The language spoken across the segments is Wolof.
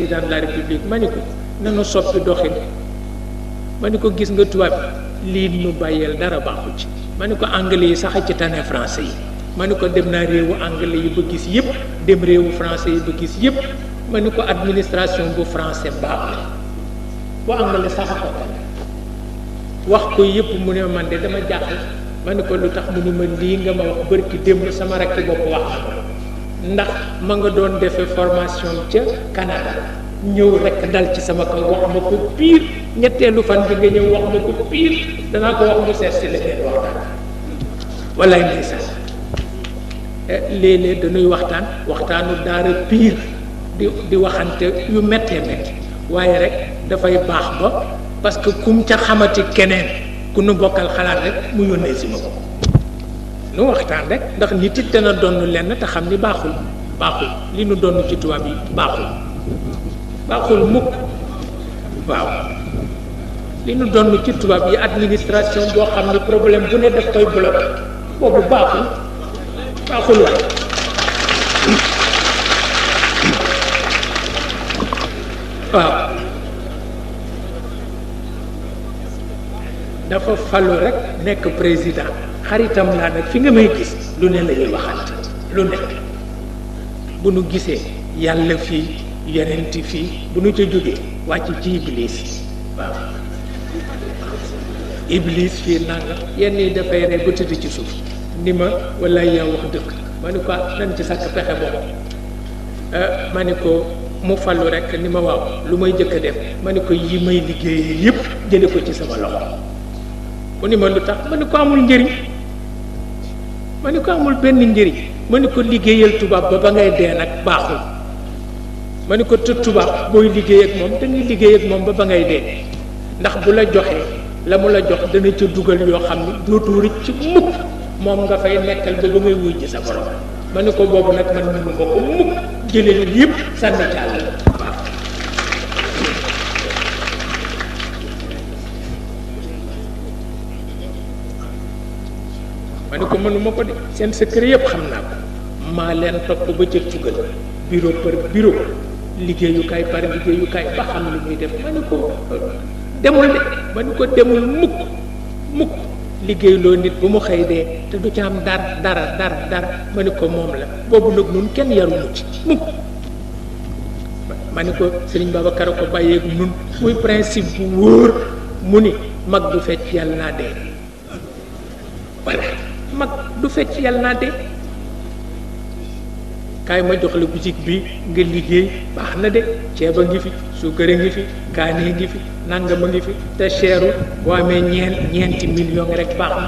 président la république ma ni ko nanu soppi doxin ma ni ko gis nga tubaab lii nu bàyyeel dara baaxu ci ma ni ko anglais yi sax ci tane français yi ma ni ko dem naa réewu anglais yi ba gis yëpp dem réewu français yi ba gis yëpp ma ni ko administration bu français baax la bu anglais sax ko wax ko yëpp mu ne man de dama jàpp ma ni ko lu tax mu ni ma lii nga ma wax bërki démb sama rakki bopp wax ndax ma nga doon defee formation ca Canada ñëw rekk dal ci sama kaw wax ma ko piir ñetteelu fan bi ñëw wax ma ko piir danaa ko wax mu seet si la ngeen waxtaan wallaay ndeysaan eh, léeg waxtaan waxtaanu daara piir di di waxante yu méttee métti waaye rek dafay baax ba parce que kum ca xamati keneen ku nu bokkal xalaat rek mu yónnee si ma ko nu waxtaan rek ndax nit it dana donn lenn te xam ni baaxul baaxul li nu donn ci tubaab yi baaxul baaxul mukk waaw li nu donn ci tubaab yi administration boo xam ni problème bu ne daf koy bloqué boobu baaxul baaxul waaw dafa falu rek nekk président xaritam laa nag fi nga may gis lu ne la ñuy waxante lu nekk bu nu gisee yàlla fii yonent fii bu nu ca jógee wàcc ci iblis waaw iblis fii nanga yenn yi dafay rey ba tëdd ci suuf ni ma wala yaa wax dëkk ma ni ko ci sàkk pexe boobu ah, ma ni ko mu fallu rek ni ma waaw lu may jëkk a def ma ni ko yi may liggéeyee yépp jële ko ci sama loxo mu amul njëriñ ma ni ko amul benn njëriñ ma ni ko liggéeyal tubaab ba ba ngay dee nag baaxul ma ni ko te tubaab booy liggéey ak moom dangay liggéey ak moom ba ba ngay dee ndax bu la joxee la mu la jox dana ca dugal yoo xam ne dootu rëcc mukk moom nga fay nekkal ba bu ngay wuy ji sa borom ma ni ko boobu nag man mënu ma ko mukk jëlee yëpp sànni ci àll mënuma ko de seen secret yëpp xam naa ko maa leen topp ba ca cugal bureau par bureau liggéeyukaay par liggéeyukaay ba xam li muy dem ma ne ko demul ma ne ko demul mukk mukk liggéey loo nit bu mu xëy dee te du ca am dara dara dara dara ma ne ko moom la boobu nag nun kenn yarunu ci mukk ma ne ko sëriñ Babacar a ko bàyyeeg nun muy principe bu wóor mu ni mag du fecc yàlla naa dee mag du fecc yàlla naa de kaay ma jox la boutique bi nga liggéey baax na de ceeb a ngi fi suukar a ngi fi kaani a ngi fi nangam a ngi fi te seeru boo amee ñeen ñeenti million rek baax na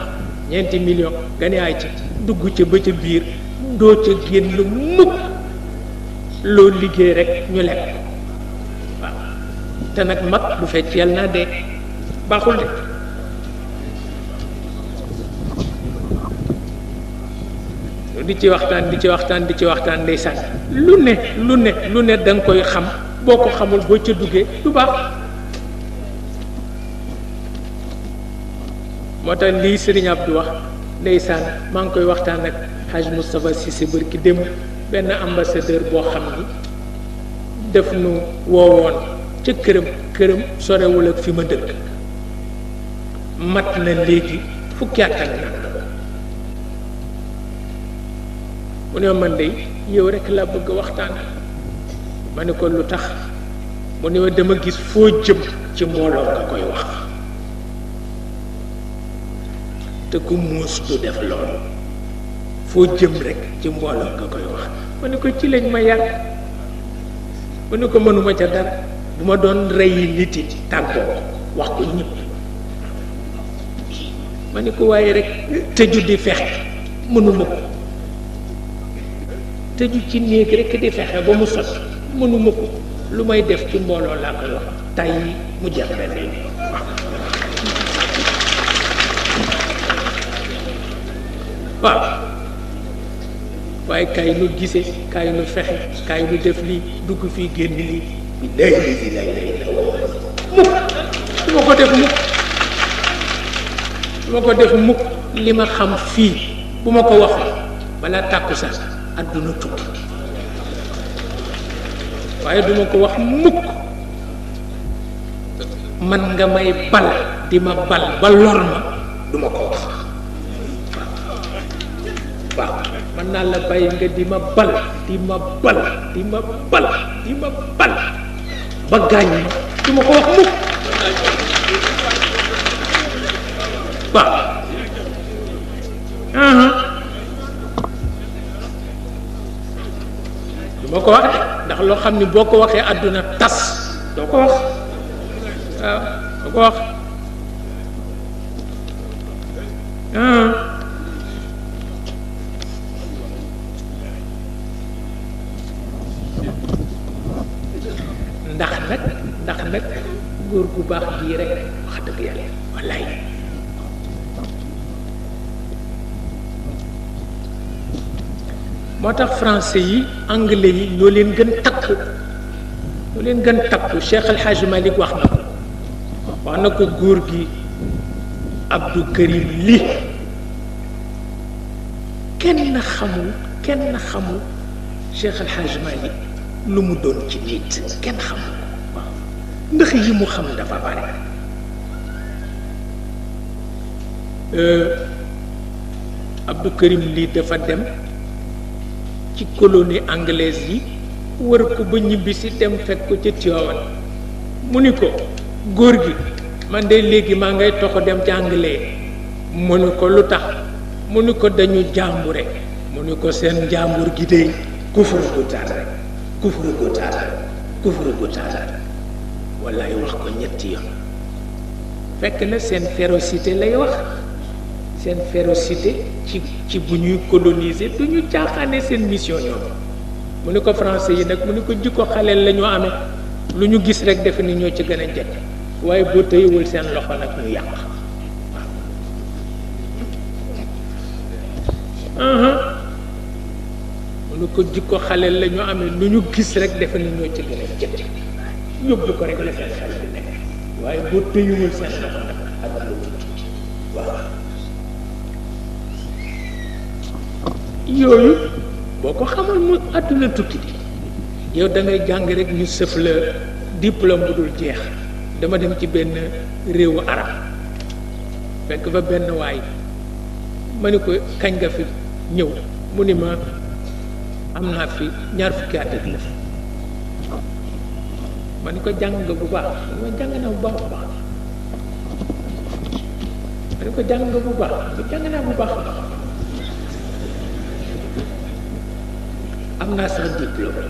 ñeenti million nga ne ay ci dugg ca ba ca biir doo ca génn mukk loo liggéey rek ñu lekk waaw te nag mag du fecc yàlla naa de baaxul de di ci waxtaan di ci waxtaan di ci waxtaan ndeysaan lu ne lu ne lu ne da koy xam boo ko xamul boo ca duggee du baax moo tax lii Serigne Abdou wax ndeysaan maa ngi koy waxtaan ak Hadj si Cissé bërki dem benn ambassadeur boo xam ni def nu woowoon ca këram këram sorewul ak fi ma dëkk mat na léegi fukki at ak mu ne man de yow rek laa bëgg waxtaan ma ne ko lu tax mu ne dama gis foo jëm ci mbooloo nga koy wax te ku muus du def loolu foo jëm rek ci mbooloo nga koy wax ma ne ko ci lañ ma yàgg ma ne ko mënuma ca dara bu ma doon reyi nit yi tàggoo wax ko ñëpp ma ne ko waaye rekk te di fexe mënuma ko tëju ci néeg rek di fexe ba mu sotti mënuma ko lu may def ci mbooloo laa koy wax tàyyi mu jeex waaw waaye kaay nu gise kaay nu fexe kaay nu def lii dugg fii génn lii bi mukk su ma ko def mukk su ma ko def mukk li ma xam fii bu ma ko waxoon balaa tàkku sax àdduna tukki waaye duma ko wax mukk man nga may bal di ma bal ba lor ma duma ko wax waaw naa la bàyyi nga di ma bal di ma bal di ma bal di ma bal ba gaañ ma duma ko wax mukk waaw uh-huh. boo ko wax ndax loo xam ni boo ko waxee àdduna tas doo ko wax waaw doo ko wax ndax nag ndax nag góor gu baax gii rek wax dëgg yàlla wallaay moo tax français yi anglais yi ñoo leen gën takk ñoo leen gën takk Cheikh El Hadj Malick wax na wax na ko góor gi Abdou Karim li kenn xamul kenn xamul Cheikh El Hadj lu mu doon ci nit kenn xamul waaw yi mu xam dafa bare euh, Abdou Karim lii dafa dem ci colonie anglaise yi war ko ba ñibbisi dem fekk ko ca Tiwaawan mu ni ko góor gi man de léegi maa ngay toxo dem ci anglais mu ni ko lu tax mu ni ko dañu jàmbure mu ni ko seen jàmbur gi dey kufur gu tar kufur gu tar kufur gu wax ko ñetti yoon fekk na seen férocité lay wax seen férocité ci ci bu ñuy coloniser du ñu caaxaane seen mission ñoom mu ne ko français yi nag mu ko jikko xaleel la ñu lu ñu gis rek defe ni ñoo ci gën a waaye boo tëyewul seen loxo nag yàq mu ne ko jikko xaleel la ñu amee lu ñu gis rek defe ni ñoo ci gën a jekk yóbbu ko rek la seen xel bi nekk waaye boo tëyewul seen loxo nag ak lu waaw yooyu boo ko xamal mu àdduna tukki yow da jàng rek ñu sëf la diplôme bu dul jeex dama dem ci benn réewu arab fekk fa benn waay ma ni ko kañ nga fi ñëw mu ni ma am naa fi ñaar fukki at ak lëf ma ni ko jàng nga bu baax ma jàng naa bu baax bu baax ma ni ko jàng nga bu baax jàng naa bu baax am naa sax diplôme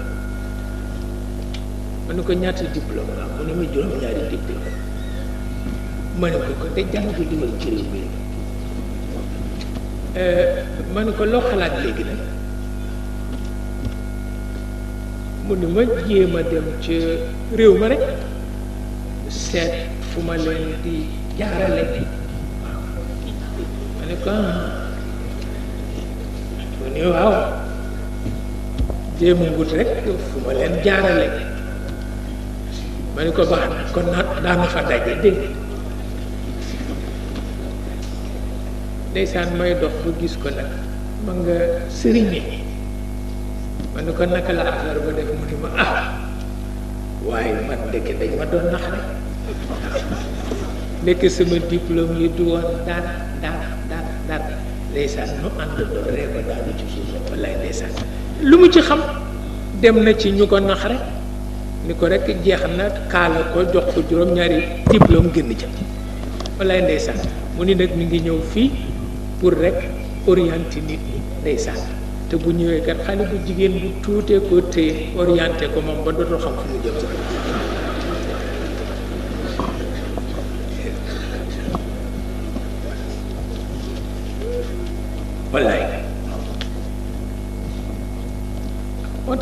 ma ne ko ñaata diplôme la mu ko ko te jàng fi di woon ci réew mi ma ne ko loo xalaat léegi nag mu ne ma jéem a dem ca réew ma rek seet fu ma leen di jaarale ma ne ko ah. mu ne waaw jéem a wut rek fu ma leen jaarale ma ne ko kon naa daana fa dégg ndeysaan may dox ba gis ko nag ma nga sëriñ ni ma ne ko naka la affaire ba def mu ne ma ah waaye man dëkk dañ ma doon nax rek nekk sama diplôme yi du woon dara dara dara dara ndeysaan nu ànd doon rek ko daanu ci suuf walaay ndeysaan lu mu ci xam dem na ci ñu ko nax rek ni ko rek jeex na kaala ko jox ko juróom-ñaari diplôme génn ca walaay ndeysaan mu ni nag mi ngi ñëw fii pour rek orienté nit ñi ndeysaan te bu ñëwee kat xale bu jigéen bu tuutee ko téye orienté ko moom ba dootul xam fu mu jëm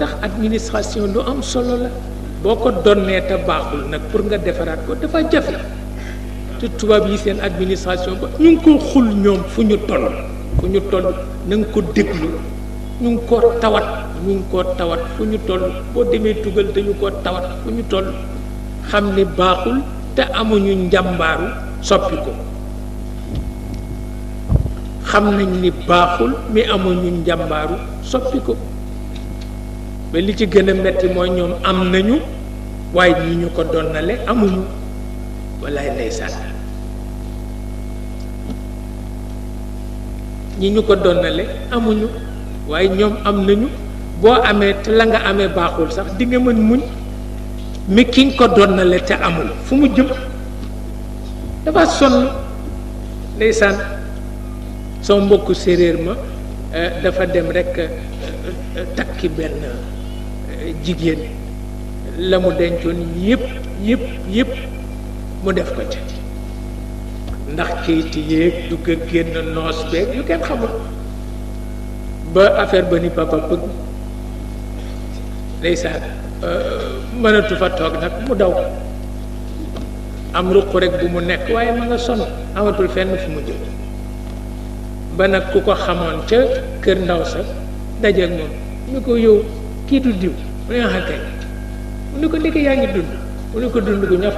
tax administration lu am solo la boo ko donnee te baaxul nag pour nga defaraat ko dafa jafe te tubaab yi seen administration ba ñu ngi ko xul ñoom fu ñu toll fu ñu toll na nga ko déglu ñu ngi ko tawat ñu ngi ko tawat fu ñu toll boo demee tugal dañu ko tawat fu ñu toll xam ne baaxul te amuñu njàmbaaru soppi ko xam nañ ni baaxul mais amuñu njàmbaaru soppi ko mais li ci gën a metti mooy ñoom am nañu waaye ñi ñu ko donnale amuñu wallaay ndeysaan ñi ñu ko donnale amuñu waaye ñoom am nañu boo amee te la nga amee baaxul sax dinga mën muñ mi ki nga ko donnale te amul fu mu jëm dafa sonn ndeysaan sama mbokku séeréer ma euh, dafa dem rekk euh, euh, takki benn jigéen la mu dencoon yépp yëpp yëpp mu def ko ca ndax kayit yéeg dugg a génn noos beeg yu kenn xamul ba affaire ba ni papa bëgg ndeysaan euh, mënatu fa toog nag mu daw am ruq rek bu mu nekk waaye ma nga sonn amatul fenn fu mu jëm ba nag ku ko xamoon ca kër ndaw sa dajeeg moom ñu ko yow kii du diw mu ne ah kay mu ne ko ndeke yaa ngi dund ko dund gu ñàpp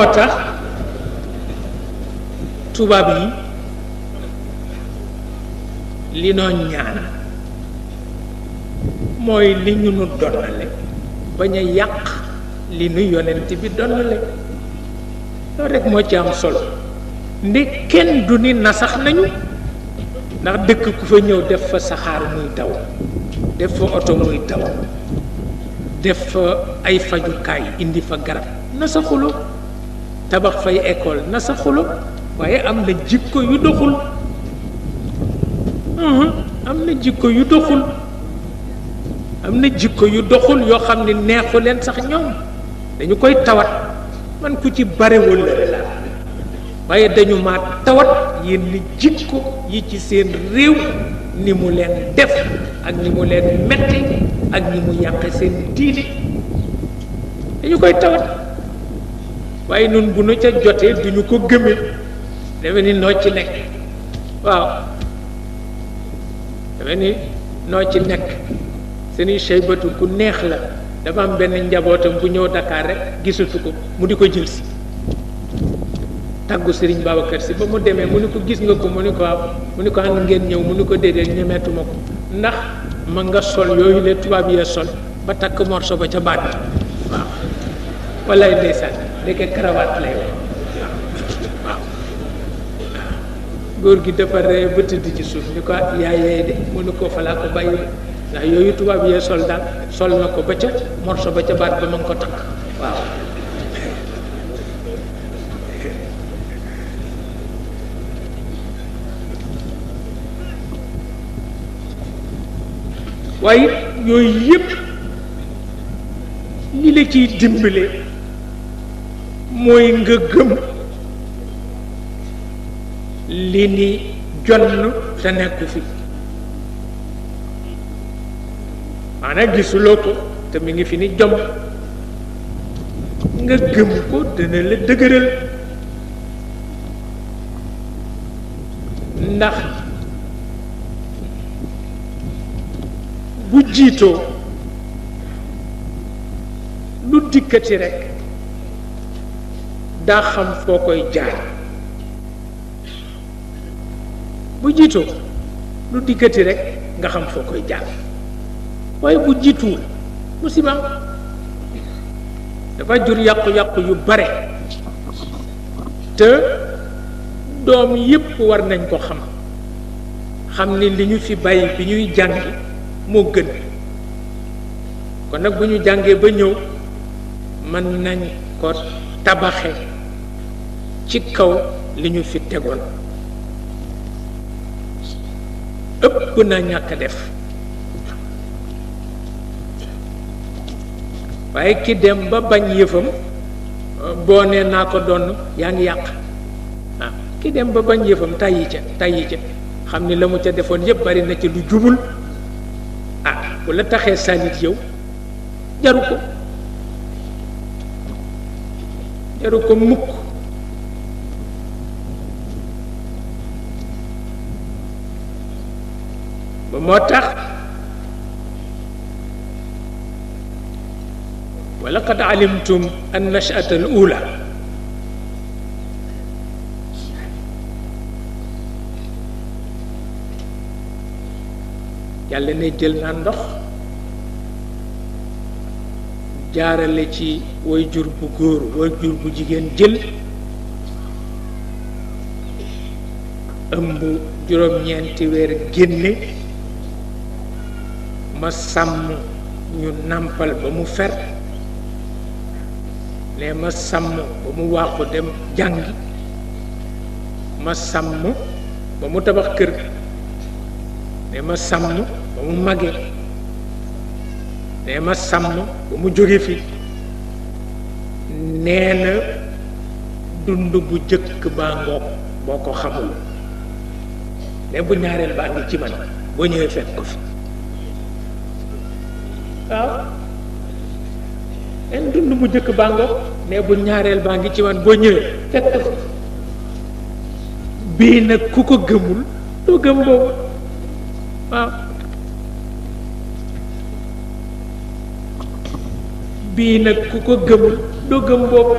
moo tax tubaab yi li noo ñaan mooy li ñu nu donnale bañ a yàq li nu yonent bi donnale loolu rek moo ci am solo ndi kenn du ni nasax nañu ndax dëkk ku fa ñëw def fa saxaar muy daw def fa oto muy daw def fa ay fajukaay indi fa garab nasaxuloo tabax fay école na sa xulub waaye am na jikko yu doxul mhm, am na jikko yu doxul am na jikko yu doxul yoo xam ne neexu leen sax ñoom dañu koy tawat man ku ci barewul la waaye dañu ma tawat yenn jikko yi ci seen réew ni mu leen def ak ni mu leen metti ak ni mu yàqe seen diine dañu koy tawat waaye nun bu nu ca jotee du ñu ko gëmee noo ci nekk waaw deme noo ci nekk seeni shaybatu ku neex la dafa am benn njabootam bu ñëw Dakar rek gisatu ko mu di ko jël si tàggu Serigne Babacar si ba mu demee mu ni ko gis nga ko mu ni ko am mu ni ko ànd ngeen ñëw mu nu ko déedéet ñemeetuma ko ndax ma nga sol yooyu ne tubaab yee sol ba takk morso ba ca baat waaw wallaay ndeysaan ndeke karawaat lay wax góor gi dafa ree ci suuf ni ko yaa yeey de mënu ko fa laa ko bàyyi ndax yooyu tubaab yee sol sol na ko ba ca morso ba ca baat ba ma ngi ko takk waaw waaye yooyu yëpp li la ciy dimbale mooy nga gëm li ni jonn te nekku fi maanaam gisuloo ko te mu ngi fi ni jom nga gëm ko dana la dëgëral ndax bu jiitoo lu dikkati rekk daa xam foo koy jaar bu jiitoo lu dikkati rek nga xam foo koy jaar waaye bu jiituwul musibaam dafa jur yàqu-yàqu yu bare te doom yépp war nañ ko xam xam ni li ñu fi bàyyi bi ñuy jàngi moo gën kon nag bu ñu jàngee ba ñëw mën nañ ko tabaxe ci kaw li ñu fi tegoon ëpp na ñàkk def waaye ki dem ba bañ yëfam boo naa ko donn yaa ngi yàq waaw ki dem ba bañ yëfam tàyyi ca tàyyi ca xam ni la mu ca defoon yëpp bari na ci lu jubul ah bu la taxee salit yëw jaru ko jaru ko mukk moo tax wa laqad alimtum an nachata al ula yàlla ne jël naa ndox jaarale ci way jur bu góor way jur bu jigéen jël ëmb juróom-ñeenti weer génne ma sàmm ñu nàmpal ba mu fer ne ma sàmm ba mu waaxu dem jàng ma sàmm ba mu tabax kër ne ma sàmm ba mu màggee ne ma sàmm ba mu jóge fi nee na dund bu jëkk baa ngoog boo ko xamul ne bu ñaareel baa ngi ci man boo ñëwee fekk ko fi waaw ah. dund bu njëkk baa nga mais bu ñaareel baa ngi ci wan boo ñëwee fekk bii nag ku ko gëmul doo gëm boobu waaw ah. bii nag ku ko gëmul doo gëm boobu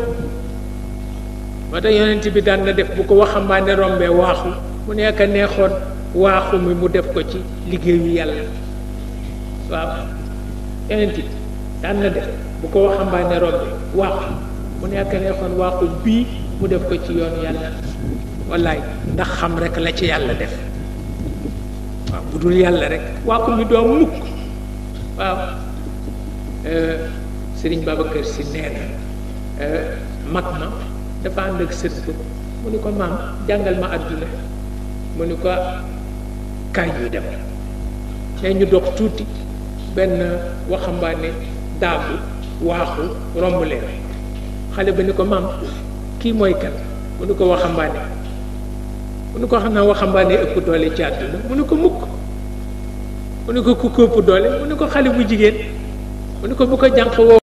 moo tax yonent bi daan def bu ko waxambaane rombee waaxu mu nekk neexoon waaxu mi mu def ko ci liggéeyu yàlla waaw intit daan na def bu ko waxambaane rombe wàqu mu nekk neexoon wàqu bii mu def ko ci yoon yàlla wallaay ndax xam rek la ci yàlla def waaw bu dul yàlla rek wàqu bi doo mukk waaw euh, sëriñ Babacar si nee euh, mag ma dafa ànd ak sët ko mu ni ko maam jàngal ma àdduna mu ni ko ah, kaay ñu dem tey ñu dox tuuti benn waxambaane daagu waaxu romb leen xale ba ni ko maam kii mooy kan mu ni ko waxambaane mu ni ko xam naa waxambaane ëpp doole ci àdduna mu ni ko mukk mu ni ko ku ëpp doole mu ni ko xale bu jigéen mu ni ko bu ko jànq woo